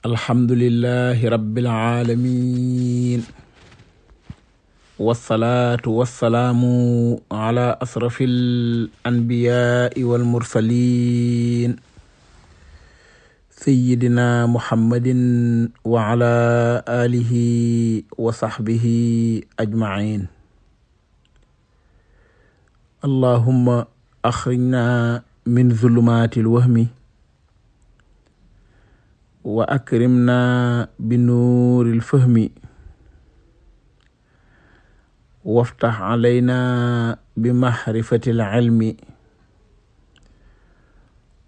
alhamdulillahi rabbil aalamiin wasalaatu wasalaamu ala asrafil anbiyaai wal mursaliin sayyidina muhammadin wa ala alihi wa saxbihi ajmaciin allahumma axrijna min zulumaati lwahmi wa akrimna bi nuuril fahmi waftax calayna bi maxrifati lcilmi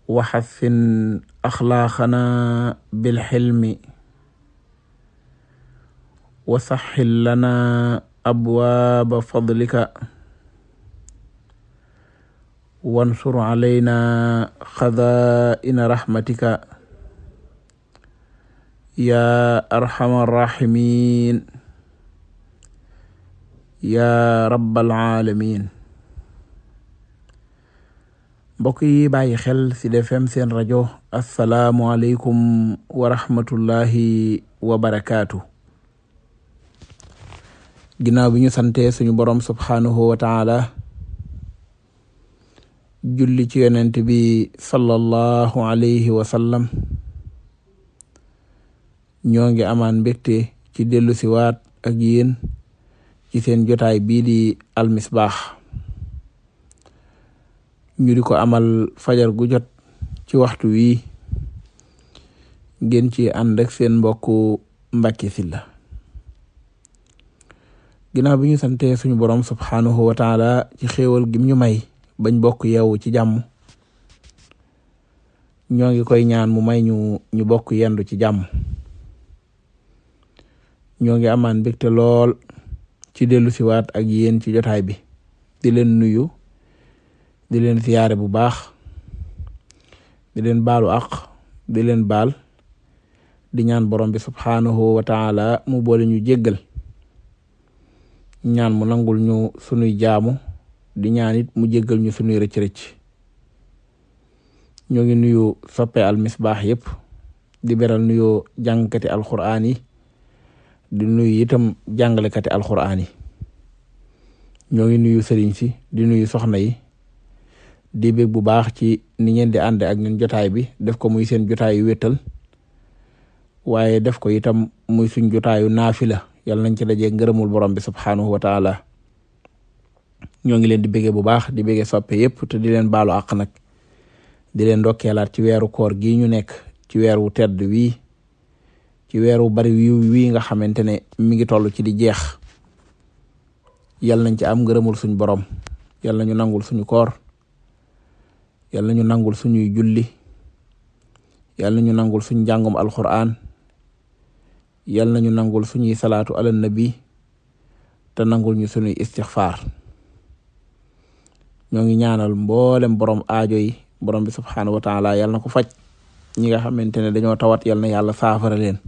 wa xathin axlaaqana bilxilmi wa saxxil lana abwaaba fadlika wansur calayna xazaa'ina raxmatika yaa arxama arrahimin yaa rabbal alamin mbokk yi bàyyi xel ci Sud FM seen rajo asalaamualeykum wa rahmatullahi wa barakaatu ginnaaw bi ñu sante suñu borom subhaanahu wa julli ci yonent bi sallallahu alayhi wa ñoo ngi amaan mbégte ci dellu si waat ak yéen ci seen jotaay bii di almisbaax ñu di ko amal fajar gu jot ci waxtu wii ngeen ci ànd ak seen mbokku Mbàkke Sylla ginnaaw bi ñu santee suñu borom subhaanahu wa taala ci xéewal gim ñu may bañ bokk yeewu ci jàmm ñoo ngi koy ñaan mu may ñu ñu bokk yendu ci jàmm ñoo ngi amaan mbégte lool ci dellu siwaat ak yéen ci jotaay bi di leen nuyu di leen siyaare bu baax di leen baalu ak di leen baal di ñaan borom bi subhaanahu wa mu boole ñu jéggal ñaan mu nangul ñu sunuy jaamu di ñaanit mu jéggal ñu sunuy rëcc-rëcc ñoo ngi nuyu soppe al misbaax yépp di beral nuyoo jàngkati alxuraan yi di nuyu itam jàngalekati alxuraan yi ñoo ngi nuyu sëriñ si di nuyu soxna yi di bég bu baax ci ni ngeen di ànd ak ñun jotaay bi def ko muy seen jotaayu wetal waaye def ko itam muy suñ jotaayu naafila yàlla nañ ci dajee ngërëmul borom bi subxanahu wa taala ñoo ngi leen di bégee bu baax di bégee soppe yépp te di leen baalu àq nag di leen ndokkeelaat ci weeru koor gi ñu nekk ci weer wu tedd wii ci weeru bari wiw wii nga xamante ne mi ngi toll ci di jeex yal nañ ci am ngërëmul suñ borom yal nañu nangul suñu koor yal nañu nangul suñuy julli yal nañu nangul suñ njàngum alquran yal nañu nangul suñuy salaatu ala nabi te nangul ñu suñuy istixfaar ñoo ngi ñaanal mboolem borom aajo yi borom bi subxanahu wa taala yal na ko faj ñi nga xamante ne dañoo tawat yal na yàlla saafara leen.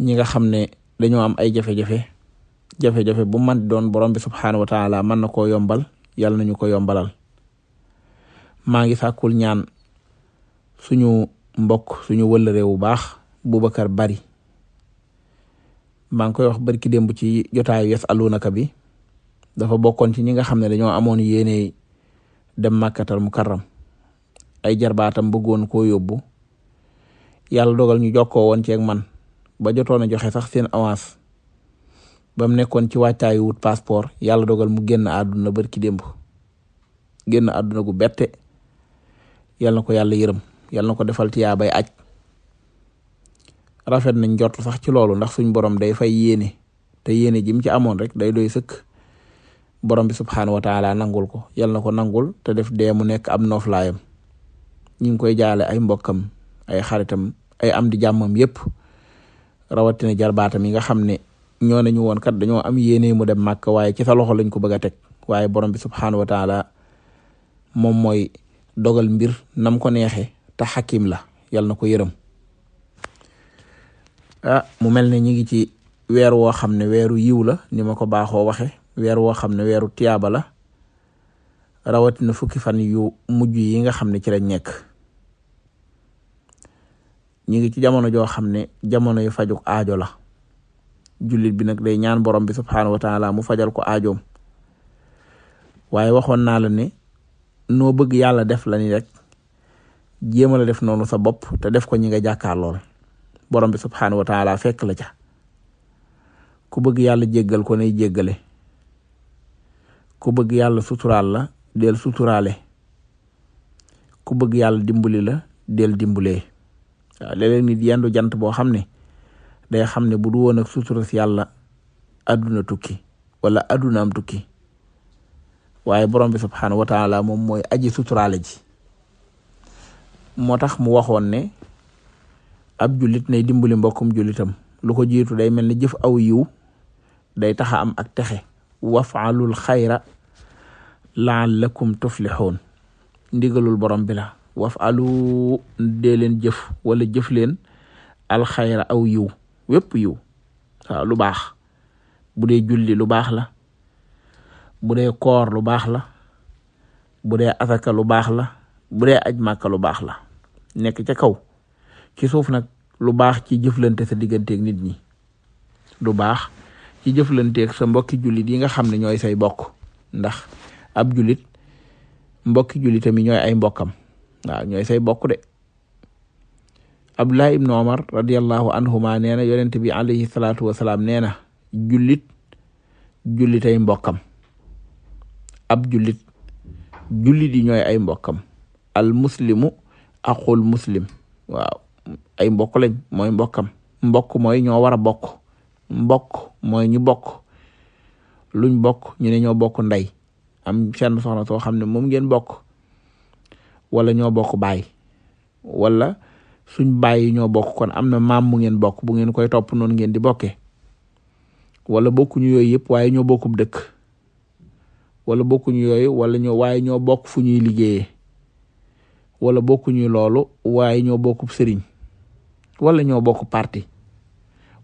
ñi nga xam ne dañoo am ay jafe-jafe jafe-jafe bu man doon borom bi subxanahu wa taala mën na koo yombal yàlla nañu ko yombalal maa ngi sàkkul ñaan suñu mbokk suñu wëllëree bu baax Boubacar Bari maa ngi koy wax barki démb ci jotaayu yes alunaka bi dafa bokkoon ci ñi nga xam ne dañoo amoon yéene dem màkkatal mukarram ay jarbaatam bëggoon ko yóbbu yàlla dogal ñu jokkoo woon ceeg man ba jotoon na joxe sax seen avance ba mu nekkoon ci wàccaayu wut passeport yàlla dogal mu génn àdduna barki démb génn àdduna gu bette yalna ko yàlla yërëm yal na ko defal tiyaa bay aj rafet nañ jot sax ci loolu ndax suñ borom day fay yéene te yéene jim ci amoon rek day doy sëkk borom bi subxanahu wa taala nangul ko yal na ko nangul te def dee mu nekk am nooflaayam ñu ngi koy jaale ay mbokkam ay xaritam ay am di jàmmam yépp. rawatina jarbaatam yi nga xam ne ñoo nañu woon kat dañoo am yéene mu dem màkk waaye ci sa loxo lañ ko bëgg a teg waaye borom bi subxanahu wa taala moom mooy dogal mbir nam ko neexee te la yal na ko yërëm ah mu mel ne ñu ngi ci weer woo xam ne weeru yiw la ni ma ko baaxoo waxe weer woo xam ne weeru tiyaaba la rawatina fukki fan yu mujj yi nga xam ne ci lañ nekk. ñu ngi ci jamono joo xam ne jamono yu fajo aajo la jullit bi nag day ñaan borom bi subxanahu wa taala mu fajal ko aajoom waaye waxoon naa la ne noo bëgg yàlla def la ni rek jéem a def noonu sa bopp te def ko ñi nga jàkkaar lool borom bi subxanahu wa taala fekk la ca ku bëgg yàlla jéggal ko nay jéggale ku bëgg yàlla sutural la del suturale ku bëgg yàlla dimbali la del dimbulee. waaw léeg-léeg nit jant boo xam ne day xam ne bu du woon ak sutura adduna tukki wala adduna am tukki waaye borom bi subxanahu wa taala moom mooy aji suturaale ji moo tax mu waxoon ne ab julit nay dimbali mbokkum julitam lu ko jiitu day mel ni jëf awu yiw day taxa am ak texe wafalul xayra laallakum tuflixuun ndigalul borom bila waf alu dee jëf wala jëf leen alxayra aw yiw wépp yiw waaw lu baax bu dee julli lu baax la bu dee koor lu baax la bu dee asaka lu baax la bu dee aj màkka lu baax la nekk ca kaw ci suuf nag lu baax ci jëflante sa digganteeg nit ñi lu baax ci jëflanteeg sa mbokki jullit yi nga xam ne ñooy say bokk ndax ab jullit mbokki jullitam yi ñooy ay mbokkam waaw ñooy say bokk de Abdullah ibnu Omar radiallahu anhuma nee na salaatu wasalaam nee na jullit jullit ay mbokkam ab jullit jullit yi ñooy ay mbokkam al muslimu aqul muslim waaw ay mbokk lañ mooy mbokkam mbokk mooy ñoo war a bokk mbokk mooy bokk luñ bokk ñu ne ñoo bokk ndey am seen soxna soo xam ne moom ngeen bokk wala ñoo bokk baay wala suñ baay yi ñoo bokk kon am na maam bu ngeen bokk bu ngeen koy topp noonu ngeen di bokkee wala bokkuñu yooyu yëpp waaye ñoo bokkub dëkk wala bokkuñu yooyu wala ñoo waaye ñoo bokk fu ñuy liggéeyee wala bokkuñu loolu waaye ñoo bokkub sëriñ wala ñoo bokk parti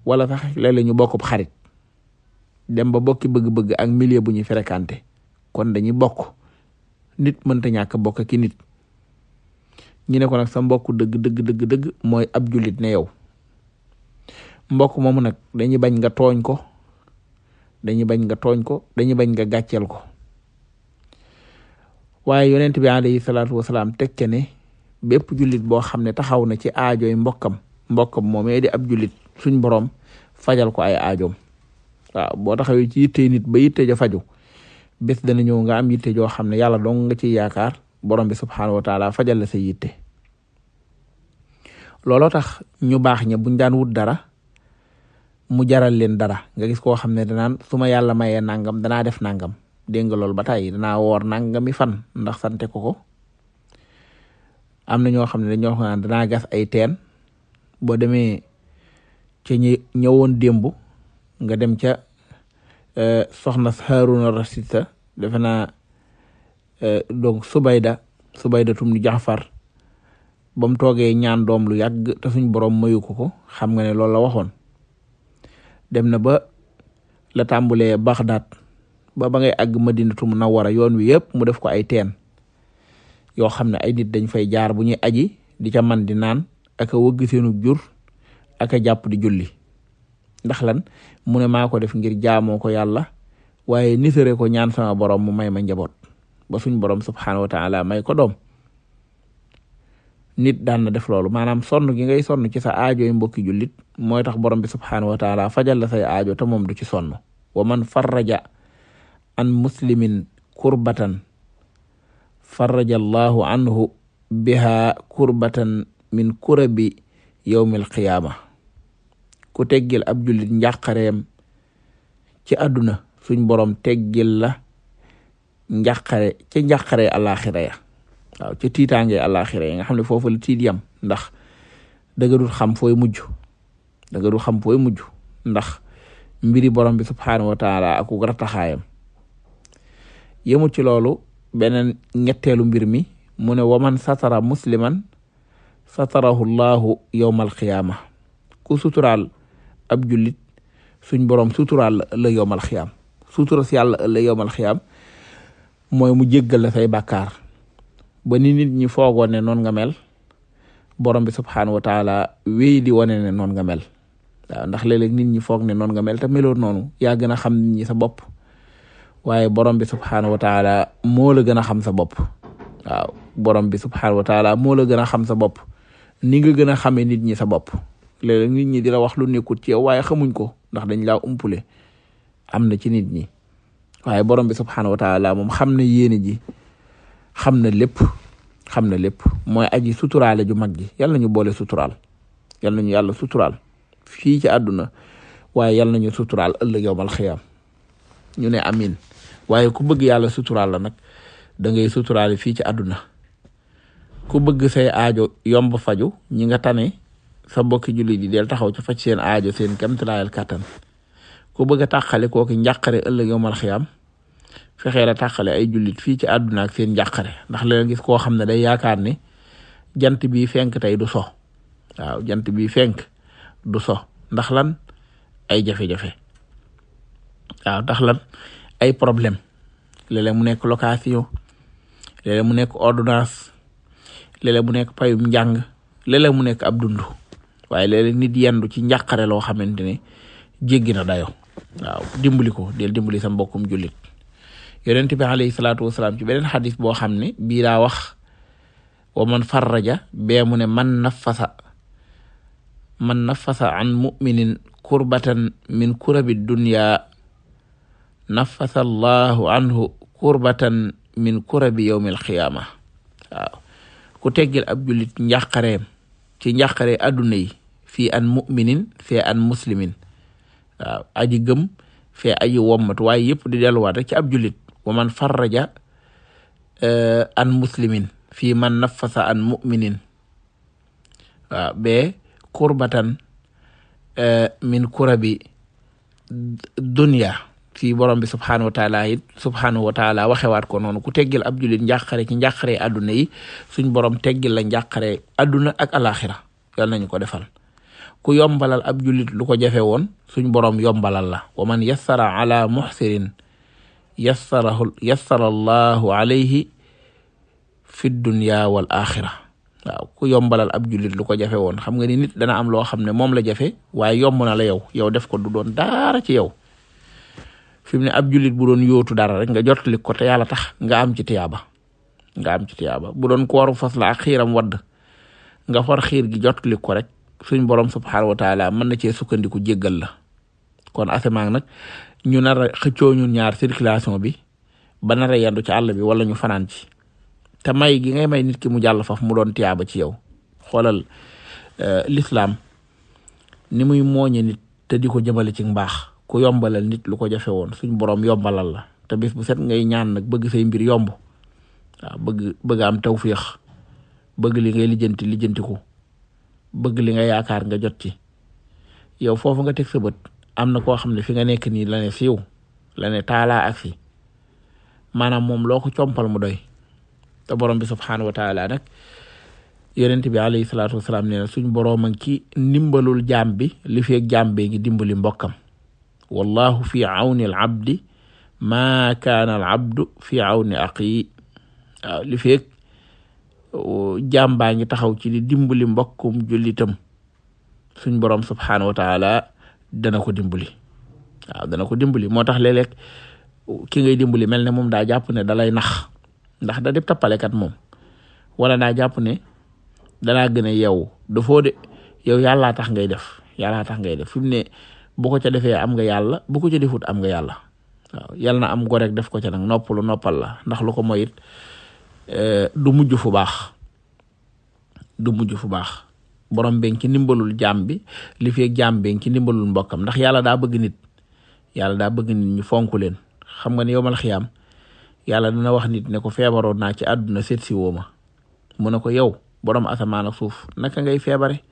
wala sax léeg-léeg ñu bokkub xarit dem ba bokki bëgg-bëgg ak milieu bu ñuy fréquenté kon dañuy bokk nit mën mënta ñàkk bokk ki nit ñu ne ko nag sa mbokk dëgg dëgg dëgg mooy ab jullit ne yow mbokk moomu nag dañuy bañ nga tooñ ko dañuy bañ nga tooñ ko dañuy bañ nga gàcceel ko waaye yonent bi alayhi salaatu wasalaam teg ca ne bépp jullit boo xam ne taxaw na ci aajoy mbokkam mbokkam moomee di ab jullit suñ borom fajal ko ay aajoom waaw boo taxawee ci yitte nit ba yitte ja faju dana ñëw nga am yitte joo xam ne yàlla dong nga ci yaakaar borom bi subxanahu wa taala fajal la sa yitte tax ñu baax ña buñ daan wut dara mu jaral leen dara nga gis koo xam ne danaan su ma yàlla mayee nangam danaa def nangam dégg nga loolu ba tàyyi danaa woor nangami fan ndax sante ko ko am na ñoo xam ne dañoo danaa gas ay teen boo demee ca ñi ñëwoon démb nga dem ca eh, soxna Haaruna Rasita defe Euh, donc subayda subayda tum ni jaxfar ba mu toogee ñaan doom lu yàgg te suñ boroom mayu ko ko xam nga ne loolu la waxoon dem na ba la tàmbulee Baxdaad ba ba ngay àgg Madinatu Munawwara yoon wi yëpp mu def ko ay teen yoo xam ne ay nit dañ fay jaar bu ñuy aji di ca man di naan ak a wëgg jur ak a jàpp di julli ndax lan mu ne maa ko def ngir jaamoo ko yàlla waaye nisare ko ñaan sama borom mu may ma njaboot ba suñ borom subxanahu wa ta'ala may ko doom nit daan def loolu maanaam sonn ki ngay sonn ci sa aajo yi mbokki jullit mooy tax borom bi subxanahu wa ta'ala fajal la say aajo te moom du ci sonn wa man farraja an muslimin kurbatan farraja allahu anhu biha kurbatan min kurabi yawmil qiyaama ku teggil ab jullit njàqareem ci àdduna suñ borom teggil la. njàqare ca njàqare àllaaxira ya waaw ca tiitaange àllaaxira ya nga xam ne foofu la tiit yam ndax dëgga dul xam fooy mujj dëgga dul xam fooy mujj ndax mbiri borom bi subhaanahu wa taala aku rattaxaayam yëmu ci loolu beneen ñetteelu mbir mi mu ne waman satara musliman satarahu llahu yowma alqiyaama ku suturaal ab jullit suñ borom suturaal la yowmal xiyaam sutura si yàlla la yowmal mooy mu jéggal la say bàkkaar ba ni nit ñi foogoon ne noonu nga mel borom bi subxanahu wa taala di wane ne noonu nga mel waaw ndax léeg-léeg nit ñi foog ne noon nga mel te meloo noonu yaa gën a xam nit ñi sa bopp waaye borom bi subxanahu wa taala moo la gën a xam sa bopp waaw borom bi subxanahu wa moo la gën a xam sa bopp ni nga gën a xamee nit ñi sa bopp léeg nit ñi dina la wax lu nekkut ci yow waaye xamuñ ko ndax dañ laa umpule am na ci nit ñi. waaye borom bi subxanahu wa taala moom xam na yéene ji xam na lépp xam na lépp mooy aji suturaale ju mag ji yal nañu boole suturaal yal nañu yàlla suturaal fii ci àdduna waaye yal nañu suturaal ëllëg yowmal xiyaam ñu ne amin waaye ku bëgg yàlla suturaal la nag da ngay fii ci àdduna ku bëgg say aajo yomb faju ñi nga tane sa bokki jullit yi del taxaw ci faj seen aajo seen kamtilaayal kàttan ku bëgg a tàqale kooki njàqare ëllëg yowmal xiyaam fexee la tàqale ay jullit fii ci àdduna ak seen njàqare ndax la gis koo xam ne day yaakaar ne jant bi fenk tey du so waaw jant bi fenk du so ndax lan ay jafe-jafe waaw ndax lan ay problème léeg-léeg mu nekk location léeg-léeg mu nekk ordonnance léeg-léeg nekk payum njàng léeg-léeg mu nekk ab dund waaye léeg-léeg nit yendu ci njàqare loo xamante ne jéggi na dayo waaw dimbali ko del dimbali sa mbokkum jullit yonent bi alayhi salaatu wasalaam ci beneen xadis boo xam ne bii daa wax wa man farraja bee mu ne man nafasa an muminin kurbatan min kurabi dunya nafasa allahu anhu kurbatan min kurabi yawmil xiyaama ku teggil ab jullit njàqareem ci njàqare yi fii an muminin fee an muslimin aji gëm fee aji wommat waaye yëpp di delluwaat rek ci ab jullit wa man farraja eh, an muslimin fii man nafasa an muminin waaw be kurbatan eh, min kurabi dunya fii borom bi subxanahu wa taala it waxewaat ko noonu ku teggil ab jullit njàqare ci njàqare adduna yi suñ borom teggil la njàqare adduna ak alaxira yal nañu ko defal. ku yombalal ab jullit lu ko jafe woon suñ boroom yombalal la wa man yassara ala muxsirin yassarahu allahu alayhi fi dunya wal axira waaw ku yombalal ab julit lu ko jafe woon xam nga ni nit am loo xam ne moom la jafe waaye yomb na la yow yow def ko du doon dara ci yow fi mu ne ab jullit bu doon yootu dara rek nga jotali ko te yàlla tax nga am ci tiyaaba nga am ci tiyaaba bu doon kooru fas la ak xiiram nga far xiir gi jotali ko rek suñ borom subhaanahu wa taala mën na cee sukkandiku jéggal la kon asamaan nag ñu nar a xëccoo ñun ñaar circulation bi ba nar a ci àll bi walla ñu fanaan ci te may gi ngay may nit ki mu jàll faf mu doon tiyaaba ci yow xoolal euh, lislaam ni muy mooñe nit te di ko jëmale ci mbaax ko yombalal nit lu ko jafe woon suñ borom yombalal la te bis bu set ngay ñaan nag bëgg say mbir yomb waaw bëgg bëgg am tawféex bëgg li ngay lijjanti lijjantiku bëgg li nga yaakaar nga jot ci yow foofu nga teg sa bët am na koo xam ne fi nga nekk nii la ne siiw la ne taalaa ak fi maanaam moom loo ko compal mu doy te borom bi subxanahu wa taala nag yonent bi alayhi salaatu wasalaam nee na suñ borom a ki ndimbalul jaam bi li feeg jaam bee ngi dimbali mbokkam wallahu fi awni al abdi maa kaana fi awni aqi li feeg o baa ngi taxaw ci di dimbali mbokkum jullitam suñ boroom subhaanahu wa taala dana ko dimbali waaw dana ko dimbali moo tax léeg-léeg ki ngay dimbali mel ne moom daa jàpp ne dalay nax ndax da def tappalekat moom wala daa jàpp ne danaa gën a yeewu dafoo de yow yàllaa tax ngay def yàllaa tax ngay def fi mu ne bu ko ca defee am nga yàlla bu ko ca defut am nga yàlla waaw am gorek def ko ca nag noppalu noppal la ndax lu Eh, du mujj fu baax du mujj fu baax borom benn ci ndimbalul jaam bi li fi jaam benki ci ndimbalul mbokkam ndax yàlla daa bëgg nit yàlla daa bëgg nit ñu fonk leen xam nga ne yowmal xiyaam yàlla dina wax nit ne ko feebaroon naa ci àdduna seet si woo ma mu ne ko yow borom asamaan ak suuf naka ngay feebare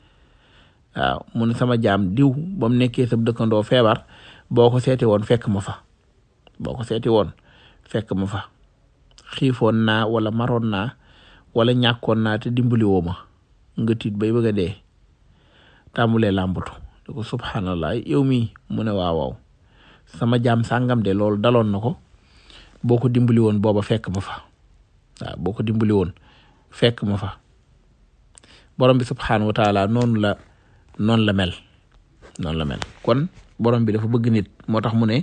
waaw mu sama jaam diw ba mu nekkee sa dëkkandoo feebar boo ko seeti woon fekk ma fa boo ko seeti woon fekk ma fa xiifoon naa wala maroon naa wala ñàkkoon naa te dimbali woo ma nga tiit bay bëgg a dee tàmbulee làmbatu di subhanallah yow mi mu ne waaw sama jaam sàngam de loolu daloon na ko boo ko dimbali woon booba fekk ma fa waaw boo ko dimbali woon fekk ma fa borom bi subxanahu wa taala la noonu la mel noonu la mel kon borom bi dafa bëgg nit moo tax mu ne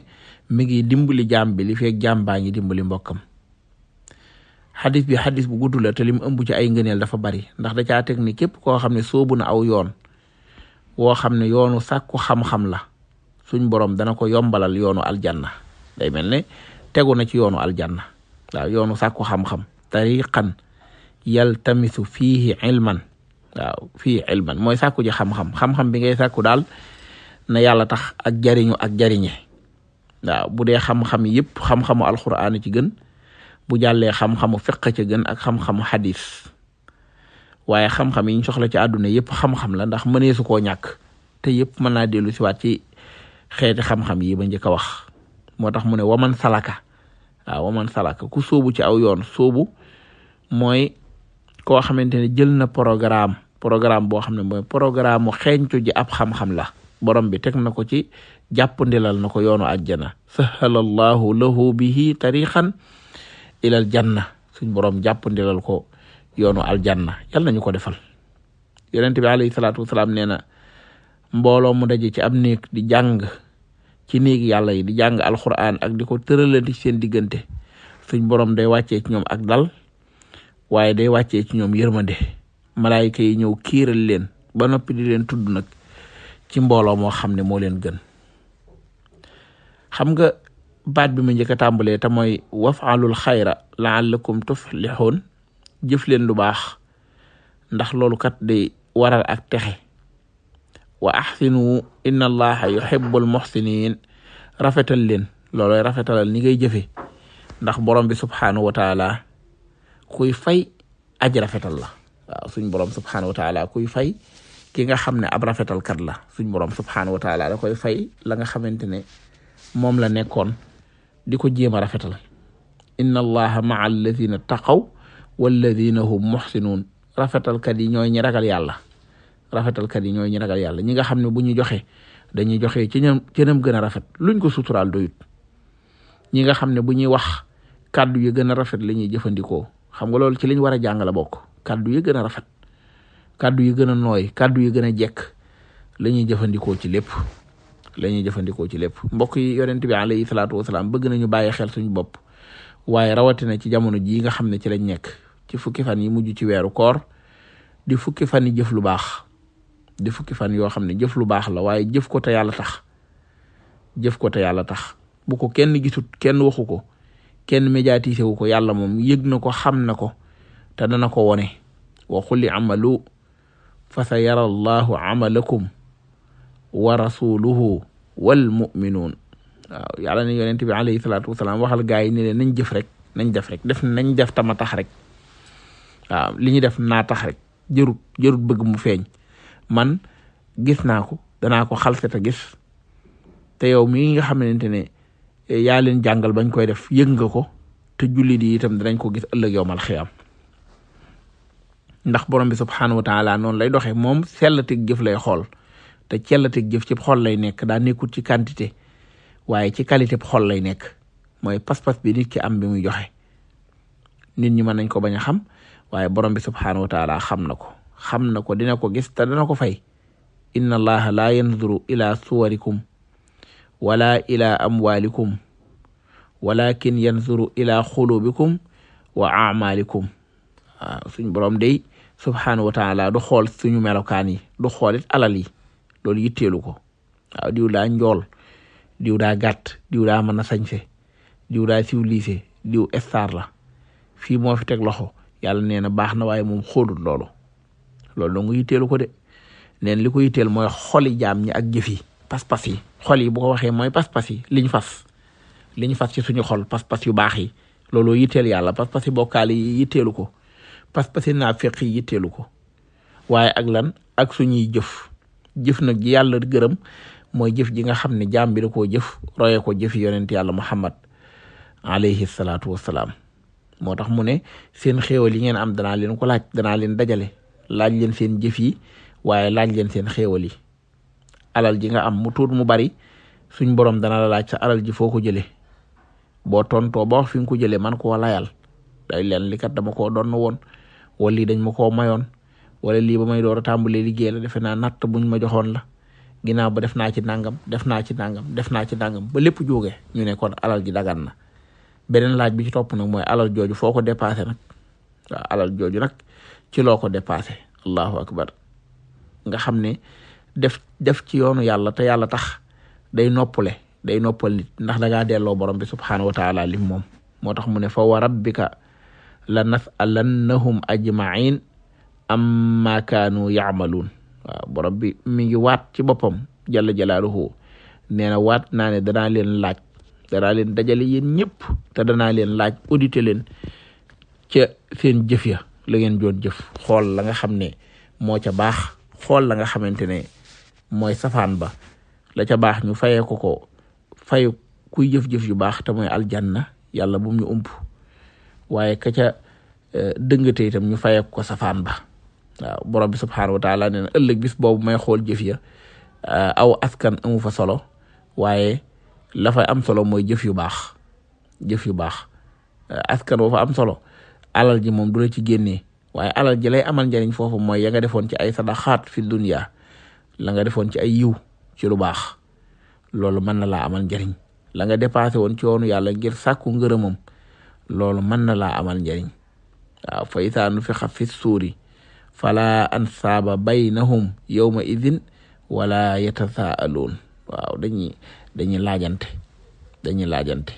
mi ngi dimbali jaam bi li fekk jaam ngi dimbali mbokkam. xadis bi xadis bu gudd la te lim ëmb ci ay ngëneel dafa bari ndax da caa teg ni ko koo xam ne soobu na aw yoon woo xam ne yoonu sàkku xam-xam la suñ borom dana ko yombalal yoonu aljanna day mel ne tegu na ci yoonu aljanna yoonu sàkku xam-xam tariqan yaltamisu fiihi ilman waaw fii ilman mooy sàkku ji xam-xam xam bi ngay sàkku daal na yàlla tax ak jariñu ak jariñe waaw bu dee xam-xam yëpp xam-xamu alxuraan ci gën bu jàllee xam-xamu fiq ca gën ak xam-xamu xam xadis waaye xam-xam yi ñu soxla ci àdduna yëpp xam-xam la ndax mëneesu koo ñàkk te yëpp mën naa dellu siwaat ci xeeti xam-xam yi ba a wax moo tax mu ne waman salaka waaw waman salaka ku sóobu ci aw yoon sóobu mooy koo xamante ne jël na programme programme boo xam ne mooy programme mu xeeñcu ci ab xam-xam la borom bi teg na ko ci jàppandilal na ko yoonu àjjana sahalallahu lahu bihi tariqan ilal janna suñ borom jàppandilal ko yoonu al aljanna yal nañu ko defal yonent bi alayhi salaatu wasalaam na mbooloo mu daje ci ab néeg di jàng ci néeg yàlla yi di jàng alquran ak di ko tëralanti ci seen diggante suñ borom day wàccee ci ñoom ak dal waaye day wàccee ci ñoom yërmande malaayika yi ñëw kiiral leen ba noppi di leen tudd nag ci mbooloo moo xam ne moo leen gën xam nga baat bi mu njëkk a tàmbalee te mooy wafaalul xayra laallakum tuflixuun jëf leen lu baax ndax loolu kat day waral ak texe wa axsinu inna allaha yuhibbul muxsinin rafetal leen loolooy rafetalal ni ngay jëfe ndax borom bi subxanahu wa kuy fay aji la waaw borom subxanahu wa taala kuy fay ki nga xam ne ab rafetalkat la suñ borom subxanahu wa koy fay la nga xamante ne moom la nekkoon. di ko jéem a rafetal inna allaha maa alladina taqaw walladina hum muxsinuun rafetalkat yi ñooy ñi ragal yàlla rafetalkat yi ñooy ñi ragal yàlla ñi nga xam ne bu ñu joxe dañuy joxe ci ñam ci ñam gën a rafet luñ ko suturaal doyut ñi nga xam ne bu ñuy wax kàddu yi gën a rafet la ñuy jëfandikoo xam nga loolu ci liñ war a jàngale bokk kàddu yi gën a rafet kàddu yi gën a nooy kàddu yi gën a jekk la ñuy jëfandikoo ci lépp la jëfandikoo ci lépp mbokk yi yonent bi alayhi salaatu wasalaam bëgg nañu bàyyi xel suñu bopp waaye rawatina ci jamono jii nga xam ne ci lañ nekk ci fukki fan yi mujj ci weeru koor di fukki fan yi jëf lu baax di fukki fan yoo xam ne jëf lu baax la waaye jëf ko te yàlla tax jëf ko te tax bu ko kenn gisut kenn waxu ko kenn médiatisé wu ko yàlla moom yëg na ko xam na ko te dana ko wone wa qul amalu fa sa yara allahu amalakum wa rasuluhu wal muminuun waaw yàlla ne yonent bi alayhi salaatu wasalaam waxal gaa yi ne leen nañ jëf rek nañ def def nañ def tama tax rek waaw li ñuy def naa tax rek jërut jërut bëgg mu feeñ man gis naa ko danaa ko xalset a gis te yow mii nga xamante ne eh, yaa leen jàngal bañ koy def yëg nga ko te jullit yi itam danañ ko gis ëllëg yow mal xiyaam ndax borom bi subxanahu wa taala noonu lay doxee moom sellatig jëf lay xool. te teg jëf ci xol lay nekk daa nekkut ci quantité waaye ci qualité xol lay nekk mooy pas-pas bi nit ki am bi muy joxe nit ñi mën nañ ko bañ a xam waaye borom bi subhaanahu wa xam na ko xam na ko dina ko gis te ko fay inna allaha laa yanzuru ila suwarikum wala ila amwalikum walakin yanzuru ila xulubikum wa amalikum waaw suñ borom day subhaanahu wa taala du xool suñu melokaan yi du xoolit alal yi loolu yitteelu ko waaw diw daa njool diw daa gàtt diw daa mën a sañse diw daa civilisé diw star la fii moo fi teg loxo yàlla nee na baax na waaye moom xóodul loolu loolu dong yitteelu ko de neen li ko yitteel mooy xoli jaam ñi ak jëf yi pas-pas yi xol yi bu waxee mooy pas-pas yi liñ fas liñ fas ci suñu xol pas-pas yu baax yi looloo yitteel yàlla pas-pas yi bokkaal yi yitteelu ko pas-pas yi naafeq yi yitteelu ko waaye ak lan ak suñuy jëf jëf nag ji yàlla gërëm mooy jëf ji nga xam ne jaam bi koo jëf roye ko jëf yonent yàlla muhammad alayhi salaatu wassalaam moo tax mu ne seen xéewal yi ngeen am danaa leen ko laaj danaa leen dajale laaj leen seen jëf yi waaye laaj leen seen xéewal yi alal ji nga am mu tuut mu bari suñ borom dana la laaj sa alal ji foo ko jëlee boo tontoo ba wax fi nga ko jëlee man koo layal day li kat dama koo doon woon wala lii dañ ma ko mayoon wala lii ba may door a tàmbalee liggéey la defe naa natt buñ ma joxoon la ginnaaw ba def naa ci nangam def naa ci nangam def naa ci nangam ba lépp jóge ñu ne kon alal ji dagan na beneen laaj bi ci topp nag mooy alal jooju foo ko dépassé nag waaw alal nag ci loo ko dépassé allahu akbar nga xam ne def ci yoonu yàlla te yàlla tax day noppale day noppal nit ndax dangaa delloo borom bi subhaanahu wa taala lim moom moo tax mu ne fa wa rabbika la nas'alannahum ajmain amma kaanu yaamaluun waaw borom bi mi ngi waat ci boppam jalla jalaaluhu nee na waat naa ne danaa leen laaj danaa leen dajale yéen ñëpp te danaa leen laaj auditer leen ca seen jëf ya la ngeen doon jëf xool la nga xam ne moo ca baax xool la nga xamante ne mooy safaan ba la ca baax ñu fayee ko ko fay kuy jëf-jëf yu baax te mooy aljanna yàlla bu mu ñu ump waaye ka ca eh, dëngate itam ñu fayee ko safaan ba waaw borom bi subxanahu wa taala nee na ëllëg bis boobu may xool jëf ya aw askan amu fa solo waaye la am solo mooy jëf yu baax jëf yu baax askan boo fa am solo alal ji moom du la ci génnee waaye alal ji lay amal njariñ foofu mooy ya nga defoon ci ay sadaxaat fi dunya la nga defoon ci ay yiw ci lu baax loolu mën na laa amal njariñ la nga dépassé woon ci yoonu yàlla ngir sàkku ngërëmam loolu mën na laa amal njariñ waaw fa isaa nufixa fi fala ansaaba baynahum yawma idin wala yatasaaluun waaw dañuy dañuy laajante dañuy laajante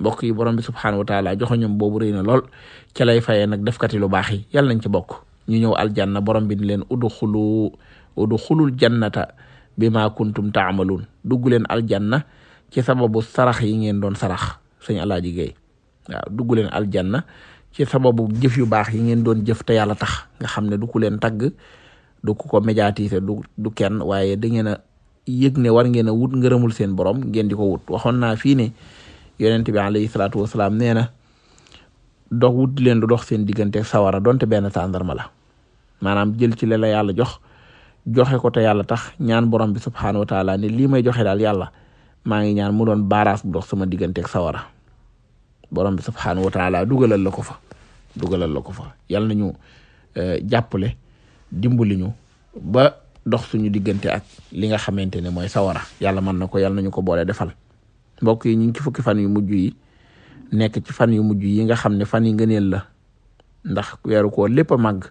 mbokk yi borom bi subxanahu wa taala joxoñum boobu rëy na lool ca lay fayee nag defkati lu baax yi yal nañ ci bokk ñu ñëw aljanna borom bi ni leen udxulu udxulul jannata bima kuntum taamaluun dugg leen aljanna ci sababu sarax yi ngeen doon sarax sëñ Alaaji Gey waaw dugg leen aljanna ci sababu jëf yu baax yi ngeen doon jëf te yàlla tax nga xam ne du ku leen tagg du ku ko médiatiser du du kenn waaye da ngeen a yëg ne war ngeen a wut ngërëmul seen borom ngeen di ko wut waxoon naa fii ne yonent bi alayhi salaatu nee na dox wut leen lu dox seen diggante sawara donte benn tàndarma la maanaam jël ci la la yàlla jox joxe ko te yàlla tax ñaan borom bi subxanahu wa taala ne lii may joxe daal yàlla maa ngi ñaan mu doon baaraas bu dox sama digganteeg sawara. borom bi subxanahu wa taala dugalal la ko fa dugalal la ko fa yal nañu eh, jàppale dimbali ñu ba dox suñu diggante ak li nga xamante ne mooy sawara yàlla mën na ko yal nañu ko boole defal mbokk yi ñu ngi ci fukki fan yu mujj yi nekk ci fan yu mujj yi nga xam ne fan yi ngëneel la ndax weeru koor lépp a màgg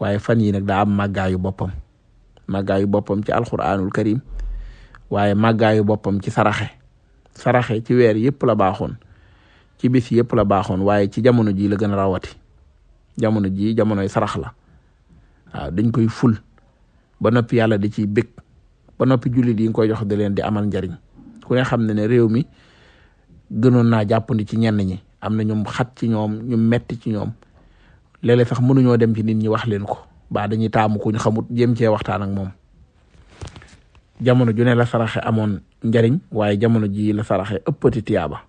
waaye fan yi nag daa am màggaayu boppam màggaayu boppam ci alxuraanul karim waaye màggaayu boppam ci saraxe saraxe ci weer yépp la baaxoon. ci bis yëpp la baaxoon waaye ci jamono ji la gën a rawati jamono ji jamonoy sarax la waaw dañ koy ful ba noppi yàlla di ciy bég ba noppi jullit yi koy jox di leen di amal njariñ ku ne xam ne ne réew mi gënoon naa jàppandi ci ñenn ñi am na ñum xat ci ñoom ñu metti ci ñoom léeg sax mënuñoo dem ci nit ñi wax leen ko ba dañuy taamu ku ñu xamut jéem cee waxtaan ak moom jamono ju ne la saraxe amoon njariñ waaye jamono ji la saraxe ëppati tiyaaba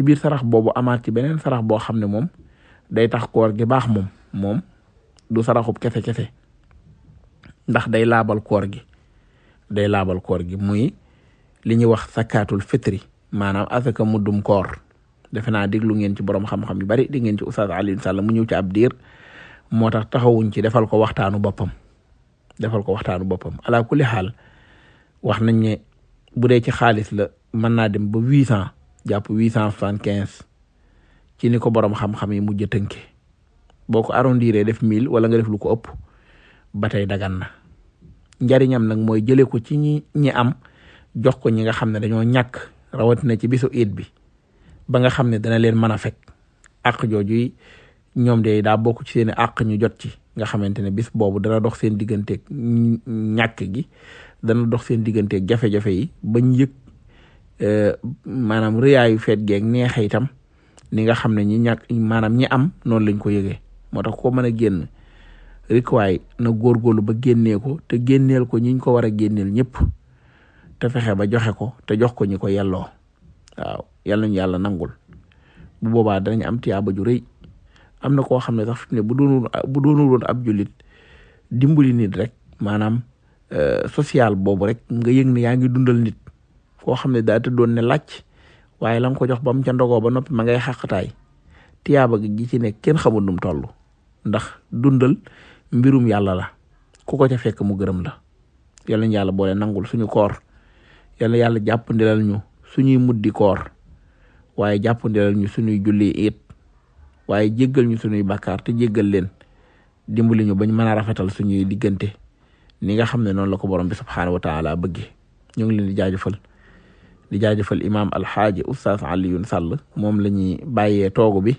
ci biir sarax boobu amaat ci beneen sarax boo xam ne moom day tax koor gi baax moom moom du saraxub kese-kese ndax day laabal koor gi day laabal koor gi muy li ñuy wax sakaatul fitri maanaam mu dum koor defe naa déglu ngeen ci borom xam-xam yu bari di ngeen ci Oustaz Alioune Sall mu ñëw ci ab diir moo tax taxawuñ ci defal ko waxtaanu boppam defal ko waxtaanu boppam ala kulli xaal wax nañ ne bu dee ci xaalis la mën naa dem ba huit cent jàpp huit cent soixante quinze ci ni ko boroom xam-xam yi mujj a tënke boo ko arrondiree def mille wala nga def lu ko ëpp ba tey dagan na njariñam nag mooy jëlee ko ci ñi ñi am jox ko ñi nga xam ne dañoo ñàkk rawatina ci bisu it bi ba nga xam ne dana leen mën a fekk àq jooju ñoom de daa bokk ci seen àq ñu jot ci nga xamante ne bis boobu dana dox seen digganteeg ñàkk gi dana dox seen diggante jafe-jafe yi bañ Eh, maanaam rëyaayu feet geeg neexe itam ni nga xam ne ñi ñàkk maanaam ñi am noonu lañ ko yëgee moo tax ko mën a génn rek waay na góorgóorlu ba génnee ko te génneel ko ñiñ ko war a génneel ñëpp te fexe ba joxe ko te jox ko ñi ko yelloo waaw yal nañu yàlla nangul bu boobaa danañ am tiyaaba ju rëy am na koo xam ne sax ne bu doonul bu doonul woon ab jullit dimbali nit rek maanaam eh, social boobu rek nga yëg ne ngi dundal nit. koo xam ne daa doon ne làcc waaye la ko jox ba mu ca ndogoo ba noppi ma ngay xàqataay tiyaaba gi ci nekk kenn xamul num toll ndax dundal mbirum yàlla la ku ko ca fekk mu gërëm la yal nañu yàlla boole nangul suñu koor yal na yàlla jàppandilal ñu suñuy muddi koor waaye jàppandilal ñu suñuy julli it waaye jéggal ñu suñuy bàkkaar te jéggal leen dimbali ñu bañ mën a rafetal suñuy diggante ni nga xam ne noonu la ko borom bi subxanahu wa di jaajëfal imaam alxaaji oustaz Alioune Sall moom la ñuy bàyyee toogu bi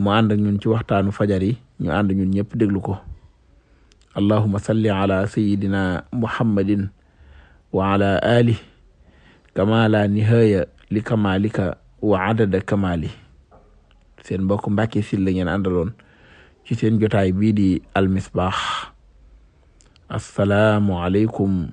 mu ànd ak ñun ci waxtaanu fajar yi ñu ànd ñun ñëpp déglu ko allahuma salli ala sayidina muhammadin wa ala ali kama la li kamalika wa adada kamali seen mbokk Mbàkke Sylla la ngeen àndaloon ci seen jotaay bii di almisbaax assalaamu aleykum